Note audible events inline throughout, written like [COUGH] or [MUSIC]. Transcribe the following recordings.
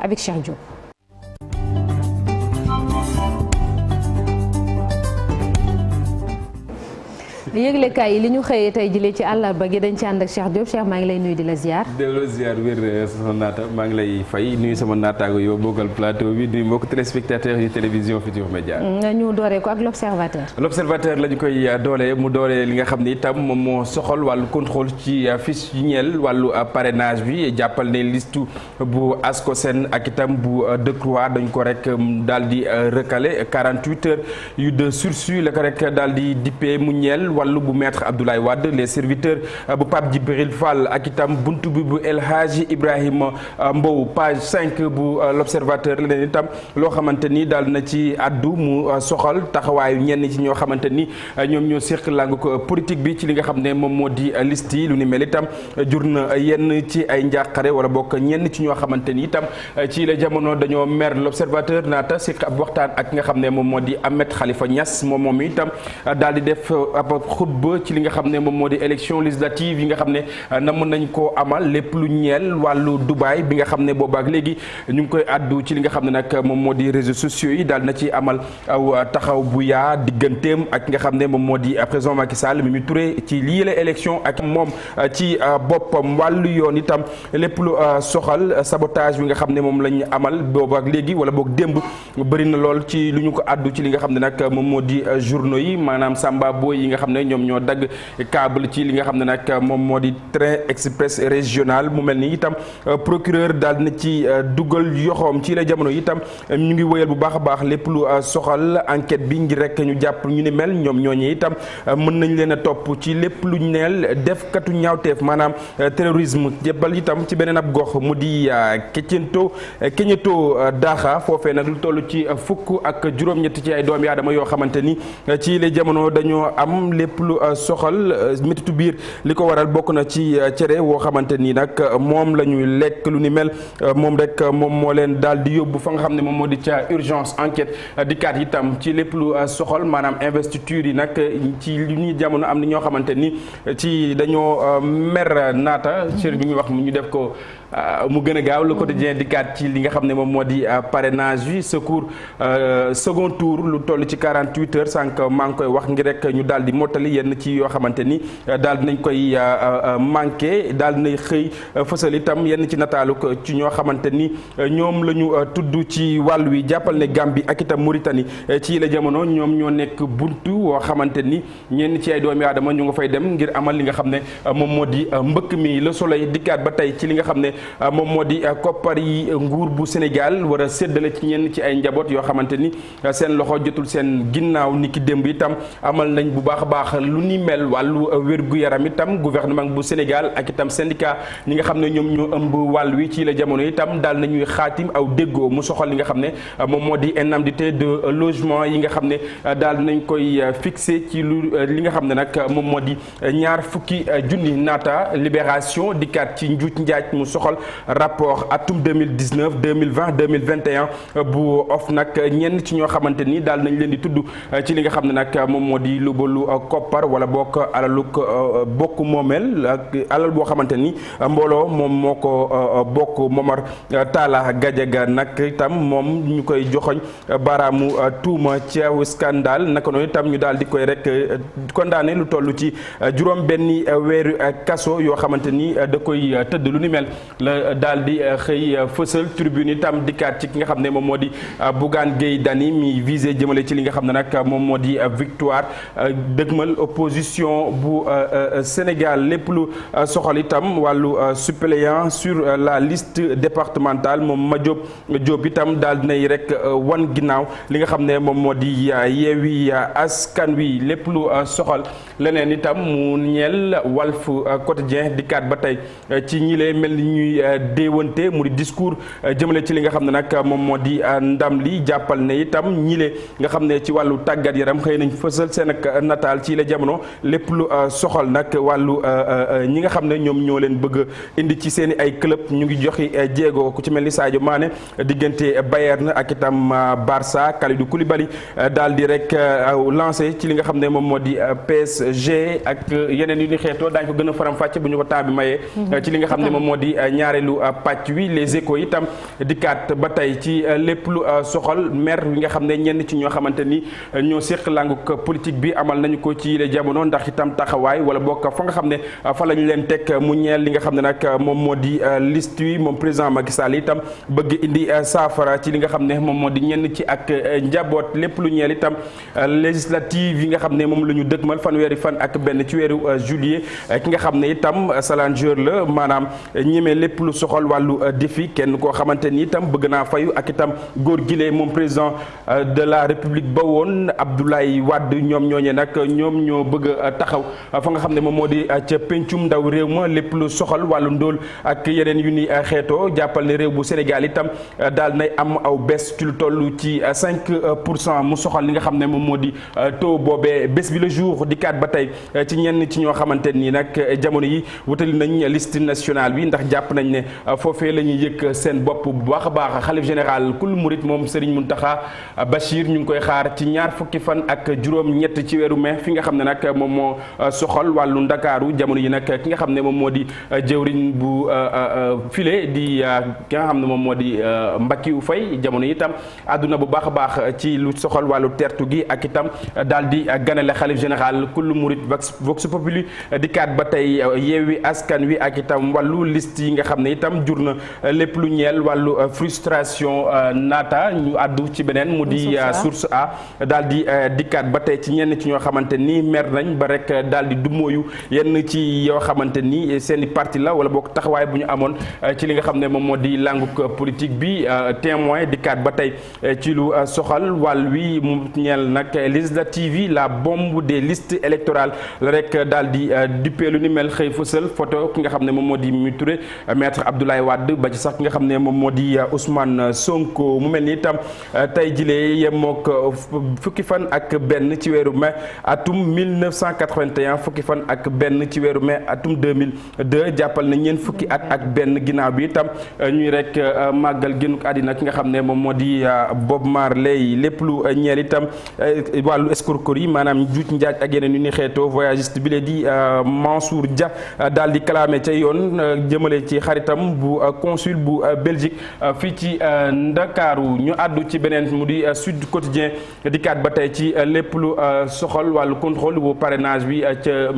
avec Cheikh Diop yëglekaay yi li ñu xëyee tey jëlee ci àllarba gi dañ ci ànd ak Cheikh Diop Cheikh maa ngi lay nuyu di la ziar. delloo ziar wér sama naata maa ngi lay fay nuyu sama naataango yow bokkal plateau bi nuyu mbokk téléspectateurs yu télévision Futurs Médias. Mm, ñu dooree ko ak l' lañu koy ah, doole mu doole li nga xam ni itam moom moo soxal wallu contrôle ci ah, fiche yu ñeel wàllu ah, parrainage bi jàppal ne liste bu Ascosen ak itam bu Decroix dañ ko rek mm, daal di recalé 48 heures yu de sursis la daal di dippee mu wàllu bu maître Abdoulaye Wade les serviteurs euh, bu Pape Djibril Fall ak itam bunt bi bu El Hadji Ibrahima euh, Mbow page 5 bu euh, l'observateur leneen itam loo xamante ni daal na ci addu mu soxal taxawaayu ñenn ci ñoo xamante ni ñoom ñoo séq ko politique bi ci li nga xam ne moom moo di liste yi lu ni mel itam jur na yenn ci ay njàqare wala bokk ñenn ci ñoo xamante ni itam ci la jamono dañoo mer l'observateur naata séq ab waxtaan ak nga xam ne moom moo di Ahmed Khalifa Niass moom moom xutba ci li nga xam ne moom moo di élection législative yi nga xam ne na euh, namoon nañ koo amal lépp lu ñeel wàllu Dubaay bi nga xam ne boobaak léegi ñu ngi koy addu ci li nga xam ne nag moom moo di réseaux sociaux yi daal na ci amal euh, taxaw bu yaa digganteem ak nga xam ne moom moo di euh, président Macky Sall mi mu turé ci lii la élection ak moom ci boppam wàllu yoon itam lépp lu soxal sabotage bi nga xam ne moom lañ amal boobaak léegi wala boog démb bëri na lool ci lu ñu ko addu ci li nga xam ne nag moom moo di journaux yi maanaam Samba yi nga xam ne ñoom ñoo dagg câble ci li nga xam ne nag moom moo di train express régional mu mel ni itam euh, procureur daal na ci euh, dugal yoxoom ci la jamono itam euh, ñu ngi wëyal bu baax a baax lépp lu soxal enquête bi ngir rek ñu jàpp ñu ni mel ñoom ñooñu itam mën nañ leen a topp ci lépp lu ñu neel def katu ñaawteef maanaam terrorisme jébbal itam ci beneen ab gox mu di Keccento Keñeto Daaxa foofee nag lu toll ci fukk ak juróom-ñett ci ay doomi aadama yoo xamante ni ci la lépp lu euh, soxal euh, métitu biir li ko waral bokk na ci euh, cere woo xamante ni nag moom la ñuy lekk lu ni mel moom rek moom moo leen daal di yóbbu fa nga xam ne moom moo di ca urgence enquête di yi tam ci lépp lu soxal maanaam investiture yi nag ci li ñuy jamono am ni ñoo xamante ni ci dañoo mer naata cere bi ñuy wax mu ñu def ko Euh, mu gën a gaaw le quotidien dikkaat ci li nga xam ne moom moo di euh, parrainage yi secours euh, second tour lu toll ci 48 heures sànq maa ngi koy wax ngi rek ñu daal di mottali yenn ci yoo xamante ni daal dinañ koy manqué daal dinañ xëy fësal itam yenn ci nataalu ci ñoo xamante ni ñoom la ñu tudd ci wàll wi jàppal ne Gambie ak itam Mauritanie ci la jamono ñoom ñoo nekk buntu woo xamante ni ñenn ci ay doomi aadama ñu nga fay dem ngir amal li nga xam ne moom moo di mbëkk mi le soleil dikkaat ba tey ci li nga xam ne Euh, moom moo di euh, koppar yi euh, nguur bu Sénégal war a séddale ci ñenn ci ay njaboot yoo xamante ni seen loxo jotul seen ginnaaw ni ki démb itam amal nañ bu baax a baax lu ni mel wàllu wér-gu-yaram itam gouvernement bu Sénégal ak itam syndicat ñi nga xam ne ñoom ñoo ëmb wàll wi ci la jamono itam daal nañuy xaatim aw déggoo mu soxal li nga xam ne moom moo di indemnité de logement yi nga xam ne daal nañ koy fixé ci lu li nga xam ne nag moom moo di ñaar fukki junni naata libération soxal rapport atum 2019 2020 2021 bu of nag ñenn ci ñoo xamante ni daal nañ leen di tudd euh, ci li nga xam ne nag moom moo di lu balu euh, koppar wala bokk alaluk euh, bokk moomeel ak alal boo xamante ni mbooloo moom moo ko bokk Momar Talla Gadiaga nag itam moom ñu koy joxoñ baaraamu tuuma ceew scandale naka noonu itam ñu daal di koy rek condamné lu toll ci juróom benni weeru kaso yoo xamante ni da koy tëdd lu ni mel la daal di euh, xëy euh, fësal tribune itam dikkaat ci ki nga xam ne moom moo di euh, Bougane Gueye Dany mi visé jëmale ci li nga xam ne nag moom moo di victoire dëgmal opposition bu Sénégal lépp lu soxal itam wàllu suppléant sur la liste départementale moom ma Diop Diop itam daal dinay rek wan ginnaaw li nga xam ne moom moo di yeewi askan wi lépp lu soxal leneen itam mu ñeel Walf Quotidien dikkaat ba tey ci ñi mel ni ñuy euh, déewante mu di discours euh, jëmale ci li nga xam ne nag moom moo di euh, ndam li jàppal ne itam ñile nga xam ne ci wàllu tàggat yaram xëy nañ fësal seen nataal ci la jamono lépp lu soxal nag wàllu ñi nga xam ne ñoom ñoo leen bëgg indi ci seen ay club ñu ngi joxi jéego ku ci mel ni Sadio maane diggante Bayern ak itam Barça Kalidou Koulibaly daal di rek aw lancé ci li nga xam ne moom moo di PSG ak yeneen yu ni xeetoo daañu ko gën a faram-fàcce bu ñu ñaareelu euh, pàcc wi les échos itam dikkaat ba tey ci euh, lépp lu euh, soxal maire yi nga xam ne ñenn ci ñoo xamante ni ñoo séq langu politique bi amal nañu ko ci yile jamono ndax itam taxawaay wala bokk fa nga xam ne fa lañu leen teg mu ñeel li nga xam ne nag moom moo di list yi moom président Macky Sall itam bëgg indi saafara ci li nga xam ne moom moo di ñenn ci ak njaboot lépp lu ñeel itam législative yi nga xam ne moom la ñu dëgmal fanweeri fan ak benn ci weeru juillet ki nga xam ne itam salangeur la maanaam lépp lu soxal wàllu euh, défi kenn koo xamante ni itam bëgg naa fayu ak itam góor gilee moom président euh, de la république ba woon Abdoulaye Wade ñoom ñooñee nag ñoom ñoo bëgg euh, taxaw fa nga xam ne moom moo di ca pencum ndaw réew ma lépp lu soxal wàllu ndool ak yeneen yu ni xeetoo jàppal ne réew bu Sénégal itam daal nay am aw bés ci lu toll ci 5 pour cent mu soxal li nga xam ne moom moo di taux boobee bés bi le jour di kaat ba tey ci ñenn ci ñoo xamante nii nag jamono nañ ne foofee la ñuy yëg seen bopp bu baax a baax xalif général kul murit moom Serigne Mountakha Bachir ñu ngi koy xaar ci ñaar fukki fan ak juróom-ñett ci weeru mai fi nga xam ne nag moom moo euh, soxal wàllu ndakaaru jamono yi nag ki nga xam ne moom moo di euh, jëwriñ bu euh, file di ki nga xam ne moom moo di Mbackiou Faye jamono yi itam àdduna bu baax a baax ci lu soxal wàllu tertu gi ak itam dal di ganale xalif général kul murit vox populi di kaat ba tey yeewi askan wi ak itam wàllu liste yi nga xam ne itam jur na euh, lépp lu ñeel wàllu euh, frustration euh, naata ñu àddu ci beneen mu di source a daal di dikkaat ba tey ci ñenn ci ñoo xamante ni mer nañ ba rek daal di dumóoyu yenn ci yoo xamante ni seen i parti la wala boog taxawaay bu ñu amoon ci li nga xam ne moom moo di langue politique bi témoin dikkaat ba tey ci lu soxal wall wi mu ñeel nag législative yi la bombe des list électorales la rek daal di duppee lu ni mel xëy fësal photo ki nga xam ne moom moo di mu turé maître Abdoulaye Wade ba ci sax ki nga xam ne moom moo di euh, Ousmane Sonko mu mel ni itam euh, tey jilee yemook euh, fukki fan ak benn ci weeru mai atum 1981 fukki fan ak benn ci weeru mai atum 2002 jàppal na ñeen fukki at ak benn ginnaaw bi itam ñuy rek màggal génnuk àddina ki nga xam ne moom moo di Bob Marley lépp lu ñeel itam wàllu escroquerie maanaam juuj njaaj ak yeneen yu ni xeetoo voyagiste bi lee di Mansour Dia daal di clamé ca yoon jëmale ci ci xaritam bu euh, consul bu euh, Belgique euh, fii ci Ndakaaru ñu àddu ci beneen mu di Sud Quotidien dikkaat ba tey ci lépp lu soxal wàllu contrôle bu parrainage bi ca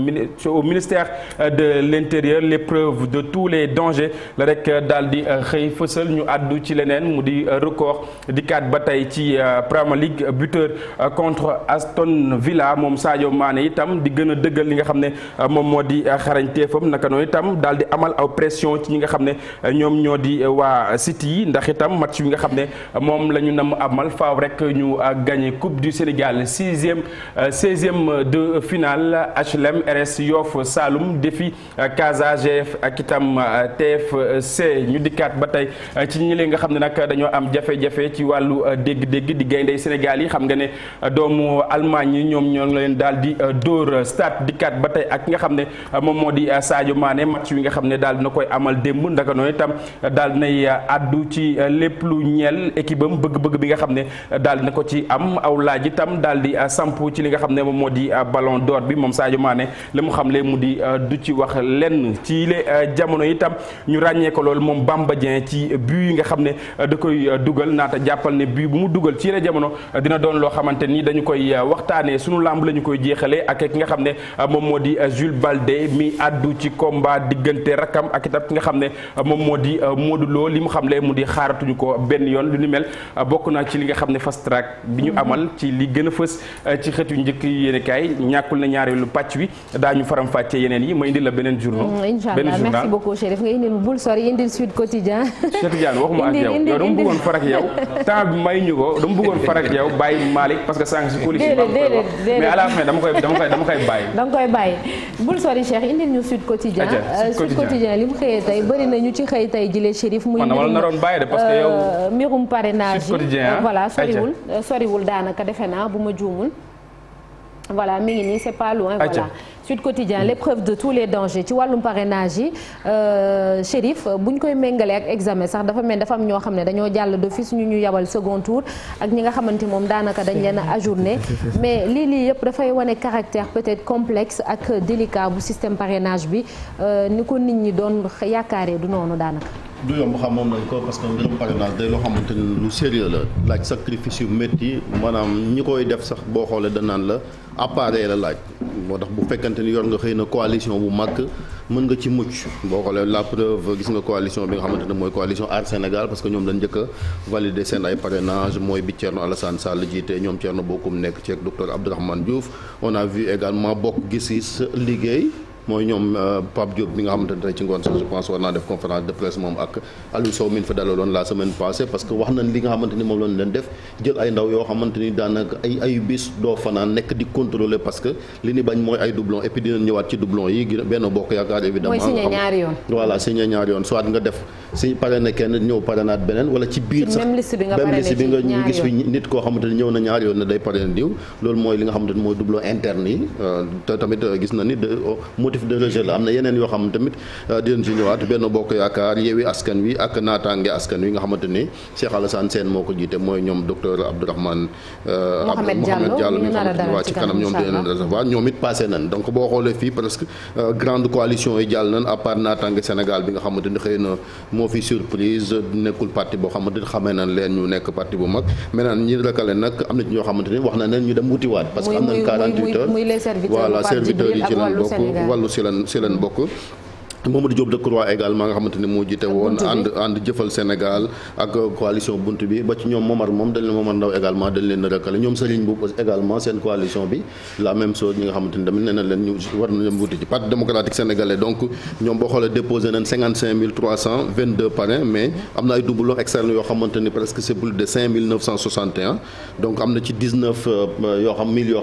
au ministère de l'intérieur l'épreuve de tous les dangers la rek daal di xëy fësal ñu àddu ci leneen mu di record dikkaat ba tey ci Premier League buteur contre Aston Villa moom Sadio Mané itam di gën a dëggal li nga xam ne moom moo di xarañteefam naka noonu itam daal di amal aw pression ñi nga xam ne ñoom ñoo di euh, waa City yi ndax itam match bi nga xam ne moom la ñu nam amal faaw rek ñu euh, gagné coupe du Sénégal sixième euh, seizième de finale HLM RS Saloum défi Casa ak itam TFC ñu dikkaat ba tey ci ñi leen nga xam ne nag dañoo am jafe ci wàllu dégg-dégg di Sénégal yi xam nga ne doomu Allemagne yi ñoom ñoo leen daal di dóor stade dikkaat ba tey ak nga xam ne moom moo di Sadio Mané match wi nga xam ne daal na koy amal démb ndaka noonu itam daal nay addu ci lépp lu ñeel équipe am bëgg-bëgg bi nga xam ne dal na ko ci am aw laaj itam daal di samp ci li nga xam ne moom moo di ballon d'or bi moom Sadio Mané la mu xam le mu di euh, du ci wax lenn ci le euh, jamono itam ñu ràññee ko lool moom Bamba Dieng ci but yi nga xam ne euh, da koy dugal naata jàppal ne but bu mu dugal ci la jamono dina doon loo xamante ni dañu koy waxtaanee sunu làmb la ñu koy jeexalee ak ki nga xam ne moom moo di Jules Baldé mi addu ci combat diggante rakam ak itam ki nga xam ne euh, moom moo di euh, Modou Lo li mu xam le mu di xaaratuñu ko benn yoon lu ni mel euh, bokk na ci li nga xam ne fast track bi ñu mhm. amal ci li gën fës ci xët njëkk yi kaay ñàkkul na ñaareelu pàcc wi daañu faram fàcce yeneen yi ma indi la beneen journal mm, benn journal merci beaucoup Chérif nga indil bul sori indil Sud bul sori Cheikh indil ñu Quotidien li mu xëyee tey tey bëri na ñu ci xëy tey jile Chérif. muy mbirum euh, parrainage yi euh, ah, voilà soriwul euh, soriwul daanaka defe naa bu ma juumul voilà mi ngi nii c'est voilà. Sud Quotidien l'épreuve de tous les dangers ci wàllum parrainage yi euh, Chérif bu ñu koy méngalee ak examen sax dafa mel dafa am ñoo xam ne dañoo jàll d'office ñu ñu yabal second tour ak ñi nga xamante moom daanaka dañ leen a mais lii lii yëpp dafay wane caractère peut-être complexe ak délicat bu système parrainage bi euh, ni ko nit ñi doon yaakaaree du noonu daanaka du yomb xam moom nañ ko parce que mbirum parrainage xamante ni lu sérieux la laaj sacrifice yu metti maanaam ñi koy def sax boo xoolee danaan la appareil la laaj moo tax bu fekkante ni yoon nga xëy na coalition bu mag mën nga ci mucc boo xoolee la preuve gis nga coalition bi nga xamante ne mooy coalition Aar Sénégal parce que ñoom lañ njëkk a valider seen ay parrainage mooy bi Thierno Alassane Sall jiite ñoom Thierno Bocoum nekk ci ak docteur Abdourahmane Diouf on a vu également bokk liggéey mooy ñoom euh, Pape Diop bi nga xamante tey ci ngoon sax je pense war def conférence de presse moom ak Aliou Sow min dalaloon la semaine passée parce que nekk di contrôler parce na kenn ñëw parenaat beneen wala ci biir sax même bi nga gis fi nit koo xamante ñëw na ñaari yoon ne day pare diw loolu mooy li nga xamante mooy doublon interne yi euh, tamit euh, gis na ni oh, tentative de rejet la am na yeneen yoo xam tamit euh, dinañ ci ñëwaat benn bokk yaakaar yeewi askan wi ak boo xoolee fii presque euh, grande coalition yi jàll nañ à part Sénégal bi nga xamante ni xëy na moo fi surprise nekkul parti boo xamante ni xamee leen ñu nekk parti bu mag maintenant ñi rakale nag am na ci ñoo xamante ni wax na leen ñu dem wutiwaat parce que am nañ 48 heures voilà serviteurs yi ci lañ bokk wàllu si lan si lan bokk Mamadou Diop Decroix également nga xamante ni moo jiite woon ànd ànd jëfal Sénégal ak coalition bunt bi ba ci ñoom Momar moom dañ Momar Ndaw également dañ leen rëkkale ñoom Serigne Mboup également seen coalition bi la même chose ñi nga xamante ni tamit leen ñu war na dem ci parti démocratique sénégalais donc ñoom boo xoolee déposé nañ 55 mais am na ay doublons externes yoo xamante presque c'est plus de donc am na ci 19 euh, yoo xam 1000 yoo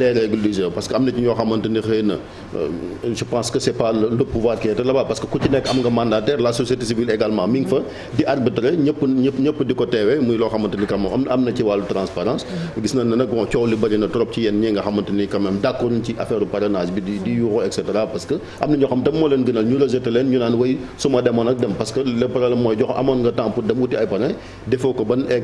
les règles parce que am na ci ñoo xamante xëy na euh, je que c'est pas le pouvoir qui est là parce que ku ci nekk am nga mandataire la société civile également mi fa di arbitrer ñëpp ñëpp di ko teewee muy loo xamante ni am na ci wàllu transparence gis nañ ne nag bon coow li bëri trop ci yéen ñi nga xamante ni quand même ci affaire parrainage bi di di yuuxu parce que am na ñoo xam tam moo leen gënal ñu rejeté leen ñu naan way su demoon ak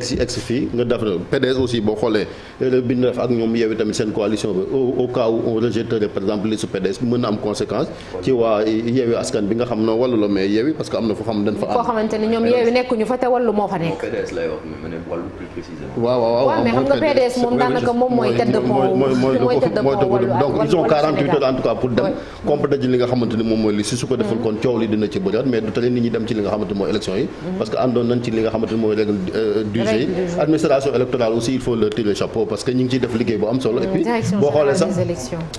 sauver au au cas où on rejetterait par exemple li su PDS mën na am conséquence ci waa yeewi askan bi nga xam ne wàllu la mais yeewi parce que am na foo xam ne dañ fa. am foo xamante ne ñoom yeewi nekkuñu fa te wàllu moo fa nekk. PDS lay wax mais ma ne wàllu plus précisément. waaw waaw waaw mais xam nga PDS moom daanaka moom mooy tête de pont mooy tête de pont wàllu donc ils ont 48 heures en tout cas pour dem compléter ji li nga xamante ni moom mooy li si su ko deful kon coow li dina ci bëriwaat mais du tale nit ñi dem ci li nga xamante ni mooy élection yi mhm. parce que àndoon nañ ci li nga xamante ni mooy règle euh, du jeu administration électorale aussi il faut leur tirer chapeau parce que ñi ngi ciy def liggéey bu am solo et puis boo xoolee sax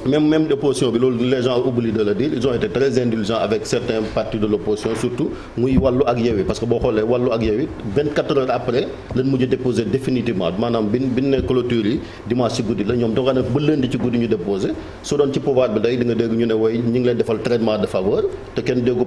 même même l'opposition bi loolu les gens oublient ils ont été très indulgents avec certains partis de l'opposition surtout muy wàllu ak Yewwi parce que boo xoolee wàllu ak Yewwi 24 heures après lañ mujj déposé définitivement maanaam bi ne clôture yi dimanche ci guddi la ñoom doon na ba ci guddi ñu déposé su doon ci pouvoir bi day di dégg ñu ne way ñu ngi leen defal traitement de faveur te kenn déggu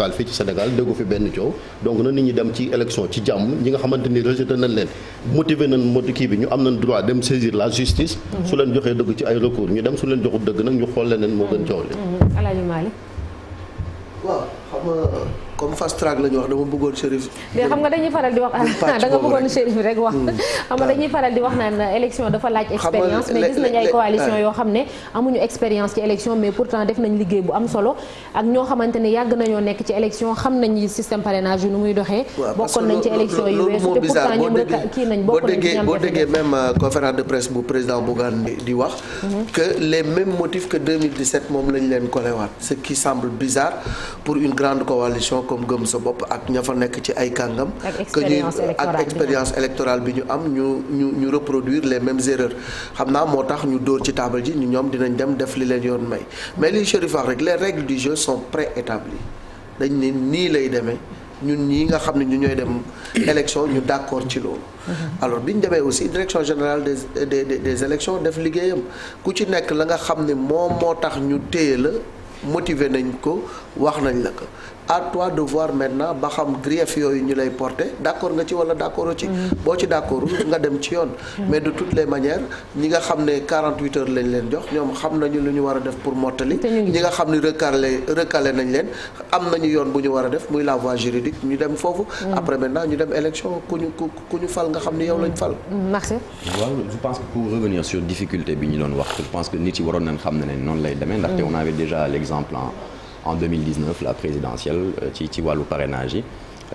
locale fii ci Sénégal déggu fi benn coow donc na nit ñi dem ci élection ci jàmm ñi nga xamante ni rejeté leen motivé nañ moti kii bi ñu am nañ droit dem saisir la justice mhm. su leen joxee dëgg ci ay recours ñu dem su leen joxul dëgg nag ñu xool leneen moo gën coow li mhm. waaw xam comme fast track la ñu wax dama bëggoon Chérif. de xam nga dañuy faral di wax [LAUGHS] da nga bëggoon rek wax. Hmm. xam nga dañuy faral di wax naan euh, élection dafa laaj expérience mais gis nañu ay coalition yoo xam ne amuñu expérience ci élection mais pourtant def nañ liggéey bu am solo ak ñoo xamante ne yàgg nañoo nekk ci élection xam nañ système parrainage yu nu muy doxee. bokkoon nañ ci élection yu weesu te pourtant ñoom rek kii nañ bokkoon ci ñam boo comme gëm sa bopp ak ña fa nekk ci ay kàngam que ak expérience électorale bi ñu am ñu ñu ñu reproduire les mêmes erreurs xam naa moo tax ñu dóor ci taabal ji ñu ñoom dinañ dem def li leen yoon may mais li Chérif wax rek les règles du jeu sont préétablies dañ ne nii lay demee ñun ñii nga xam ne ñu ñooy dem élection ñu d'accord ci loolu mhm. alors bi ñu demee aussi direction générale des des des élections def liggéeyam ku ci nekk la nga xam ne moom moo tax ñu motiver nañ ko wax nañ la ko à toi de voir maintenant ba xam grief yooyu ñu lay porte d' accord nga ci wala d' accord ci. Mm. boo ci d' accord nga dem ci yoon. Mm. mais de les manières ñi nga xam ne 48 heures lañ leen jox ñoom xam nañu lu ñu war a def pour mottali. ñi nga xam ne recalé recalé nañ leen am nañu yoon bu ñu war a def muy la voie juridique ñu dem foofu. Mm. après maintenant ñu dem élection ku ñu ku ñu fal nga xam ni yow lañ fal. merci. ñu doon wax je pense que nit yi exemple en en 2019 la présidentielle euh, ci ci wàllu parrainage yi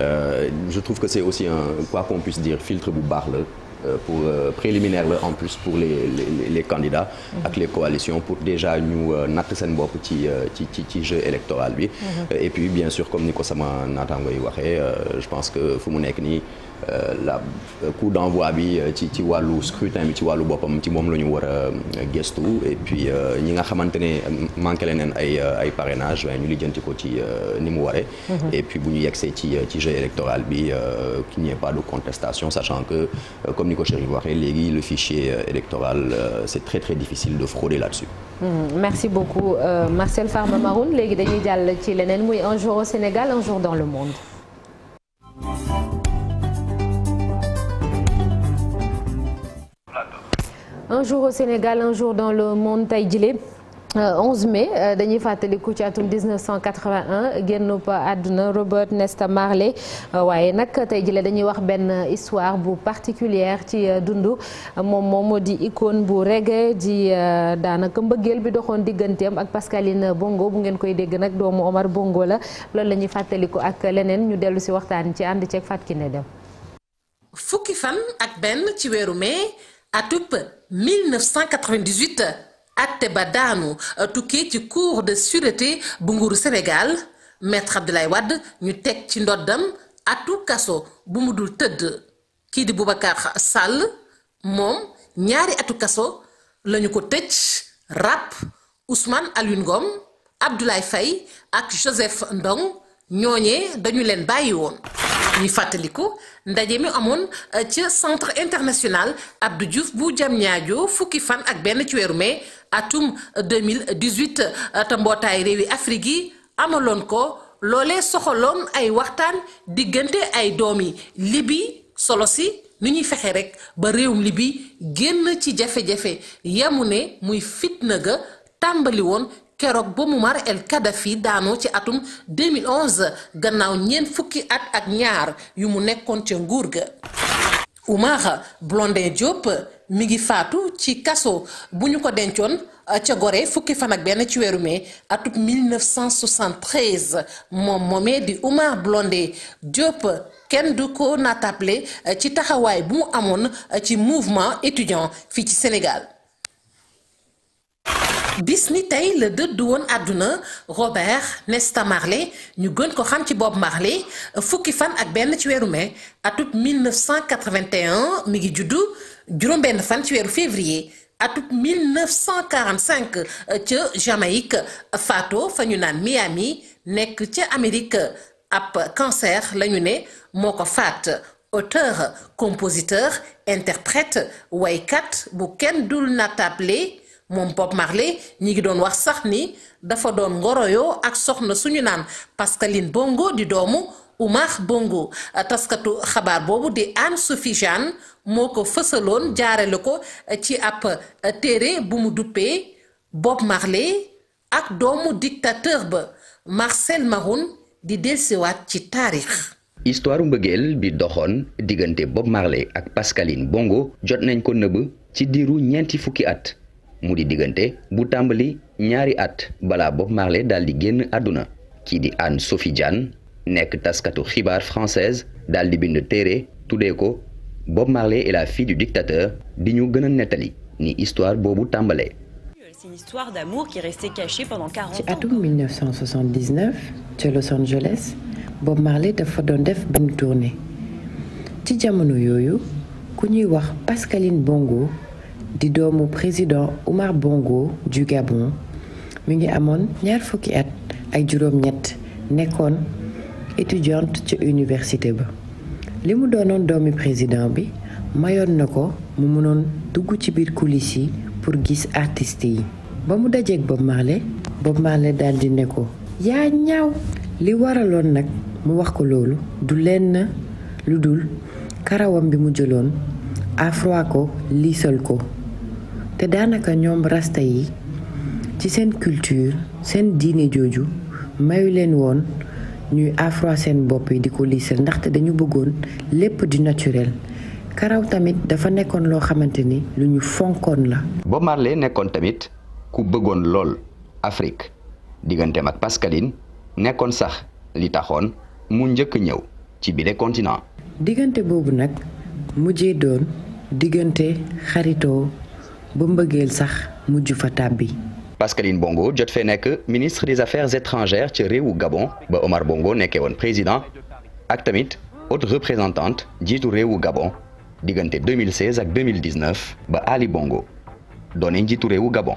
euh, je trouve que c'est aussi un quoi qu'on puisse filtre bu baax la euh, pour euh, préliminaire la en plus pour les les, les ak mm -hmm. pour déjà ñu natt seen bopp ci ci ci jeu électoral bi mm -hmm. et puis yi waxee pense que fu mu nekk nii Euh, la euh, coup d'envoi bi euh, ci ci scrutin bi ci walu boppam ci moom la ñu war a gëstu et puis ñi nga xamante ne manqué leen ay ay parrainage ñu lijjanti ko ci ni mu waree. Mhm. et puis bu ñu yegsee ci ci jeu électoral bi qu'il n'y ait pas de contestation sachant que comme ni ko Chérif waxee léegi le fichier électoral c'est très très difficile de frauder là-dessus. Mhm. merci beaucoup euh, Marcel Farba Maroun léegi dañuy jàll un jour au Sénégal un jour dans le monde tey jile euh, mais mai euh, dañuy fàttaliku ci atum 1981 génn ba àdduna Robert Nesta Marley euh, waaye nag tey jile dañuy wax benn histoire bu particulière ci dund moom moom di icône bu reggae di daanaka mbëggeel bi doxoon digganteem ak Pascaline Bongo bu ngeen koy dégg nag doomu Omar Bongo la loolu la ñuy fàttaliku ak leneen ñu dellu si waxtaan ci ànd ceeg ki ne Dem fukki fan ak benn ci weeru mai atub 1998 atte ba daanu euh, tukkee ci cour de sûreté bu nguuru Sénégal maître Abdoulaye Wade ñu teg ci ndoddam atu kaso bu dul tëdd kii di Boubacar Sall moom ñaari atu kaso lañu ko tëj ràpp Ousmane Alioune Ngom Abdoulaye ak Joseph Ndong ñooñee dañu leen bàyyi woon ñuy fàttaliku ndaje mi amoon euh, ca centre international Abdou Diouf bu Diamniadio fukki fan ak benn ci weeru mai atum 2018 euh, te mbootaay réewi Afrique yi amaloon ko loole soxaloon ay waxtaan diggante ay doomi Libi solo si nu ñuy fexe rek ba réewum Libi génn ci jafe-jafe yamu ne muy fitna ga tàmbali woon keroog ba Muammar el-Kadhafi daanoo ci atum 2011 gannaaw ñeent fukki at ak ñaar yu mu nekkoon ca nguur ga Oumar Blondin Diop mi ngi faatu ci kaso buñu ko dencoon ca gore fukki fan ak benn ci weeru mai atum 1973 moom moomee di Oumar Blondin Diop kenn du ko naatable ci taxawaay bu mu amoon ci mouvement étudiant fii ci Sénégal bis ni tey la dëddu woon àdduna Robert Nesta Marley ñu gën ko xam ci Bob Marley fukki fan ak benn ci weeru mai atub 1981 mi ngi juddu juróom-benn fan ci weeru février atub 1945 ca Jamaïque fato fa ñu naan Miami nekk ca Amérique ab cancer la ñu ne moo ko faat auteur compositeur interprète waykat bu kenn dul natable moom Bob Marley ñi ngi doon wax sax ni dafa doon ngoroyoo ak soxna suñu naan Pascaline Bongo di doomu Umar Bongo taskatu xabaar boobu di Anne Sophie moo ko fësaloon jaarale ko ci ab téere bu mu duppee Bob Marley ak doomu dictateur ba Marcel Maroun di delsiwaat ci taarix histoire mbëggeel bi doxoon diggante Bob Marley ak Pascaline Bongo jot nañ ko nëbb ci diiru ñeenti fukki at mu di diggante bu tàmbali ñaari at balaa Bob Marley daal di génn àdduna kii di Anne Sophie Diane nekk taskatu xibaar française dal di bind téere tuddee ko Bob Marley et la fi du dictateur di ñu gën nettali ni histoire boobu tàmbalee. C'est une histoire d'amour qui est restée cachée pendant 40 ans. ci atum 1979 ca Los Angeles Bob Marley dafa doon def benn tournée ci jamono yooyu ku ñuy wax Pascaline Bongo. di doomu président Oumar Bongo du mu ngi amoon ñaar fukki at ak juróom-ñett nekkoon étudiante ca université ba li mu doonoon doomi président bi mayoon na ko mu mënoon dugg ci biir coulisses yi pour gis artist yi ba mu dajeeg Bob Marley Bob Marley daal di ne ko yaa ñaaw li waraloon nag mu wax ko loolu du lenn lu dul karawam bi mu jëloon afro ko liisal ko te daanaka ñoom rasta yi ci seen culture seen diine jooju mayu leen woon ñuy afro seen bopp yi di ko liisal ndaxte dañu bëggoon lépp di naturel karaw tamit dafa nekkoon loo xamante ni lu ñu fonkoon la. Bob nekkoon tamit ku bëggoon lool Afrique digganteem ak Pascaline nekkoon sax li taxoon mu njëkk ñëw ci biir continent. diggante boobu nag mujjee doon diggante xaritoo ba mbëggeel sax mujj fa tàbbi. Pascaline Bongo jot fee nekk ministre des affaires étrangères ci réewu Gabon ba Omar Bongo nekkee woon président ak tamit haute représentante njiitu réewu Gabon diggante 2016 ak 2019 ba Ali Bongo doone njiitu réewu Gabon.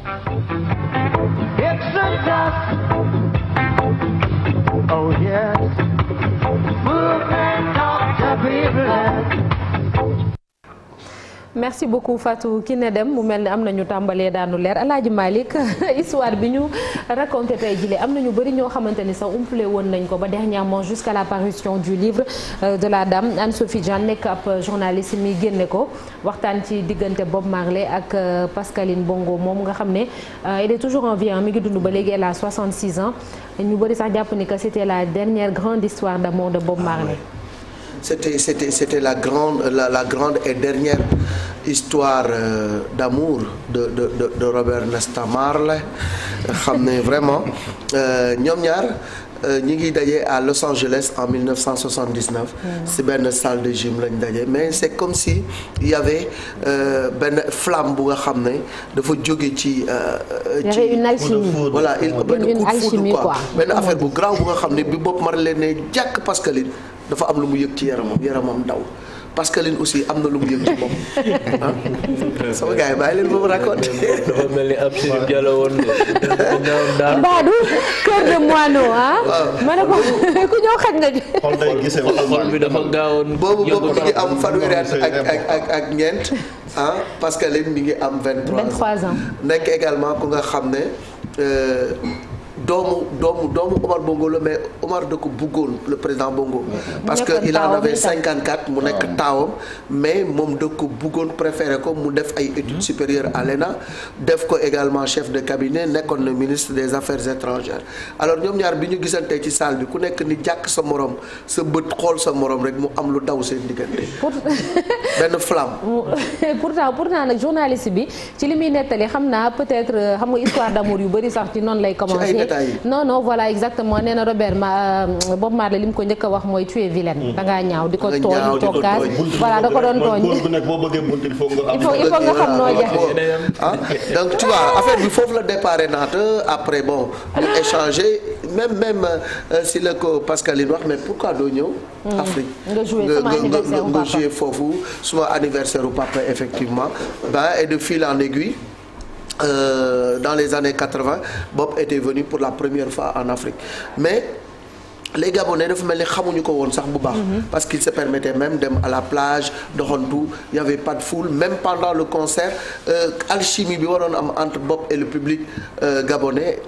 merci beaucoup Fatou Kiné dem mu mel ni am na ñu tàmbalee daanu leer alaaji Malick [LAUGHS] histoire bi ñu raconté tey jile am na ñu bëri ñoo xamante ni sax umpule woon nañ ko ba dernièrement jusqu'à la parution du livre euh, de la dame Anne-Sophie Jeanne nekk ab journaliste mi génne ko waxtaan ci diggante Bob Marley ak euh, Pascaline Bongo moom nga xam ne il euh, est toujours mi ngi dund ba léegi elle a 66 ans ñu bari sax jàpp ni que c'était la dernière grande histoire d'amour de Bob ah Marley c'était c'était c'était la grande et dernière histoire euh, d'amour de, de de de Robert Nesta la xam ne vraiment euh, ñoom ñaar euh, ñi ngi daje à Los Angeles en 1979. Mm. si benn salle de gym lañ daje mais c'est comme si y avait euh, benn flamme bu nga xam ne dafa jóge ci. ci une alchimie voilà benn coup benn affaire mm. bu grave bu nga xam ne bi bopp mar jàkk Pascaline. dafa am lu mu yëg ci yaramam yaramam daw Pascaline aussi am na lu mu yëg ci bopp sama gars yi bàyyi leen ba mu raconté. dafa mel ni ab Chérif na ci. xol day gisee xol bi dafa gaawoon. boobu boobu mi ngi am fanweeri at ak ñeent ah Pascaline mi ngi am. 23 ans ans nekk également ku nga xam ne. Euh, doomu doomu doomu Omar Bongo la mais Omar da ko bëggoon le président Bongo. parce que il en avait 54 mu nekk taawam. mais moom da ko bëggoon préféré ko mu def ay études mhm. supérieures à l'ENA def ko également chef de cabinet nekkoon na ministre des affaires étrangères alors ñoom ñaar bi ñu gisantee ci salle bi ku nekk ni jàkk sa morom sa bët xool sa moroom rek mu am lu daw seen diggante. [LAUGHS] benn flamme. [LAUGHS] pourtant pourtant nag journaliste bi ci li muy nettali xam naa peut-être euh, xam nga gaa non non voilà exactement nee Robert ma euh, Bob Marley li mu ko njëkk a wax mooy tu es vilaine. Hmm. da ngaa ñaaw di ko tooñ tokkaas voilà da ko doon tooñ. il faut nga xam noo [LAUGHS] jeex. Ah, donc tu vois affaire bi foofu la départ naata après bon ñu échanger même euh, si la ko Pascaline wax mais pourquoi doo ñëw. Hmm. Afrique nga joué foofu suma anniversaire u papa effectivement. ba et de fil en aiguille. euh, dans les années 80 Bob était pour la première fois en Afrique mais les Gabonais dafa mel ni xamuñu ko woon sax bu baax. Mhm. parce qu'il se permettait dem à la plage doxantu y avait pas de foule même pendant le concert euh, alchimie bi waroon am entre Bob et le public euh,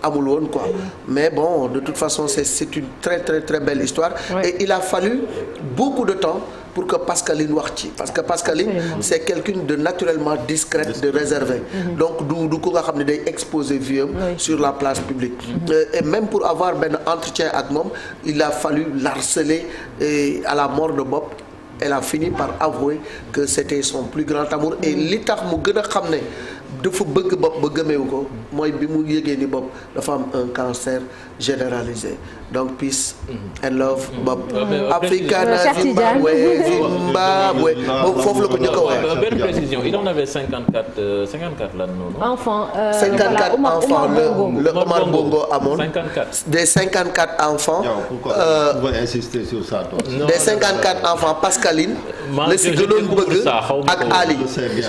amul woon quoi. mais bon de toute façon c'est c'est très très très belle histoire. a pour que Pascaline wax ci parce que Pascaline c' est quelqu'une de naturellement discrète de réservée mhm. donc du du ko nga xam ne day exposer vie sur la place publique mhm. euh, et même pour avoir benn entretien ak moom il a fallu l'harceler et à la mort de Bob elle a fini par avouer que c'était son plus grand amour et mhm. li tax mu gën a xam ne dafa bëgg bopp ba gëmeewu ko mooy bi mu yëgee ni bopp dafa am un cancer généralisé donc peace mm-hmm. and love mm-hmm. bob africana zimbabwe [LAUGHS] zimbabwe foofu la ko njëkk a waxee benn précision il euh, Bongo amoon 54 des 54 enfants euh insister sur ça des 54 enfants Pascaline la si gënoon bëgg ak Ali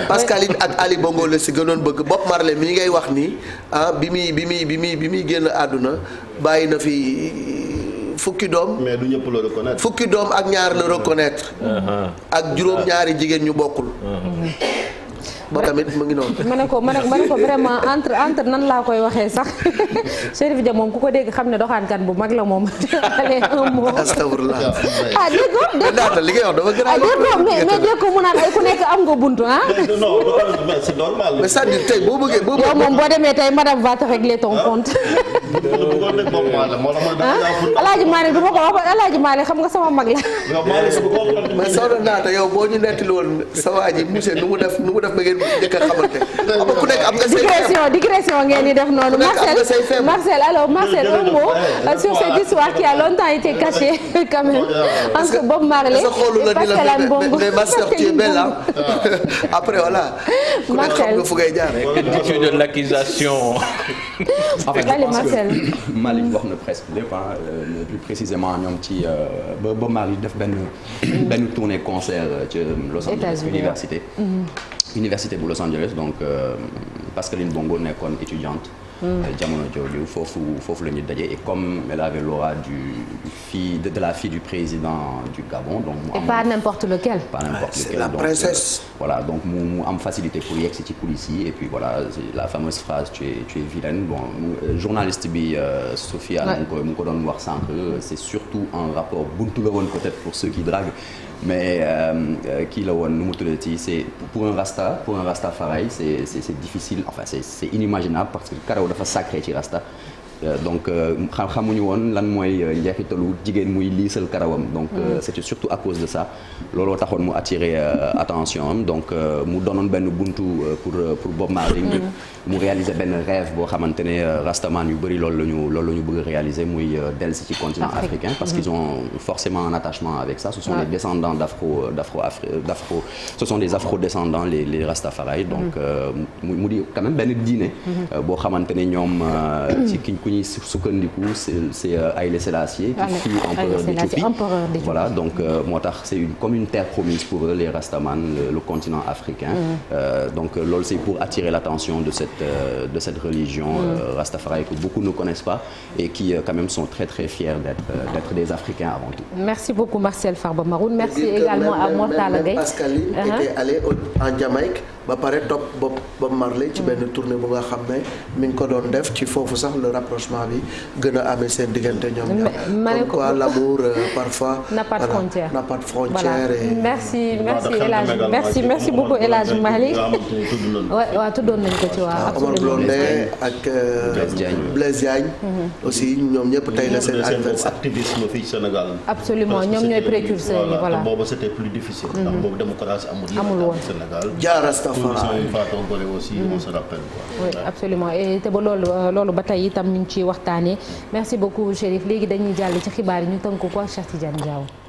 Pascaline ak Ali Bongo la si gënoon bëgg Bob Marley mi ngay wax nii ah bi muy bi muy bi muy bi muy génn àdduna bàyyi na fi fukki doom. mais du ñëpp la reconnaître. fukki doom ak ñaar la reconnaître. Uh-huh. ak juróom ñaari jigéen ñu bokkul. Uh-huh. ba tamit mu ngi noonu. ma ne ko ma ne ko vraiment entre entre laa koy waxee sax [LAUGHS] Chérif Dia moom ku ko dégg xam ne doxaankat bu mag la moom. [LAUGHS] astafurlah [LAUGHS] ah dégg ko dégg ko li ngay wax dafa a. Ah, mais mais dégg ko mu naan nga buntu ah. non c'est normal. mais tey boo bëggee boo. moom boo demee tey madame va te ton ah. compte. Ah? alaaji Maalik du ma ko wax alaaji Maalik xam nga sama mag la. mais soxna Naata yow boo ñu nettali woon sa waa ji monsieur nu mu def nu mu def ba ñu njëkk a xamante [LAUGHS] digression digression ngeen di def Marcel Marcel alors Marcel un mot sur cette histoire qui a longtemps été cachée [LAUGHS] quand même Bob Marley et Pascal Mbongo. mais ma soeur tu es belle ah. [LAUGHS] après voilà. ku nekk xam nga fu ngay jaar rek. de l'accusation. Euh, précisément ñoom ci euh, ba Bob Marley def benn benn tournée concert euh, ci Los université. Mhm. université université bu Los Angeles donc euh, Pascaline Bongo nekkoon étudiante. Hmm. Euh, jamono jooju foofu foofu la ñu daje et comme elle avait l'aura du de, la fille du président du Gabon donc. mu am pas n'importe lequel. pas n'importe lequel c'est la princesse. donc euh, voilà donc facilité pour yegg si ci police yi et puis voilà la fameuse phrase tu es tu es vilaine bon journaliste bi Sophia. mu ko mu ko doon wax sànq c'est surtout un rapport buntu la woon peut-être pour ceux qui draguent. mais kii euh, euh, la woon nu mu tuddati c'est pour un rasta pour un rasta faray c'est c'est difficile enfin c'est c'est inimaginable parce que karaw dafa sacré ci rasta Euh, donc euh, xam xamuñu woon lan mooy euh, njeexitalu jigéen muy liisal karawam donc mm. c'était surtout à cause de ça looloo taxoon mu attirer attention donc mu doonoon benn buntu pour pour Bob Marley mm. mu réaliser benn rêve boo xamante ne rastaman yu bëri lool la ñu loolu la ñu bëgg a réaliser muy delsi ci continent africain parce mm. qu'ils ont forcément un attachement avec ça ce sont les descendants d'afro d'afro d'afro ce sont des afro-descendants les les Rastafari donc mu di quand même benn diine mm-hmm. boo xamante ñoom ci ki ñuy sukkandiku c'est euh, Haïlé Sélassié qui fut empereur d'Éthiopie voilà donc euh, moo tax c'est une comme une terre promise pour eux les Rastaman le, continent africain mm. euh, donc c'est pour attirer l'attention de cette de cette religion mm. Rastafari que beaucoup ne connaissent pas et qui sont très fiers d'être des Africains avant tout. Marcel Farba Maroun merci également même, à Pascaline uh-huh. était allée en Jamaïque ba pare topp bopp Bob Marley ci benn mm. tournée bu nga xam ne mi ngi ko doon def ci foofu sax le rapprochement bi gën a amee seen diggante ñoom ñaar. mais quoi l'amour euh, parfois. [LAUGHS] n'a pas de frontière n'a pas de frontière. voilà merci merci El Hadj merci merci beaucoup El Hadj Malick. waaw waaw tuddoon nañu ko ci waaw. Ah, Omar Blondé ak euh, Blaise mm-hmm. ñoom ñëpp tey la seen anniversaire. activisme fii Sénégal. absolument ñoom ñooy précurseurs yi voilà. boobu c'était plus difficile. ndax mm-hmm. amul. woon conditions absolument te ba loolu euh, loolu ba tey itam ñu ngi ciy waxtaanee merci beaucoup Chérif léegi dañuy jàll ci xibaar yi ñu tënk ko Cheikh Tidiane Diaw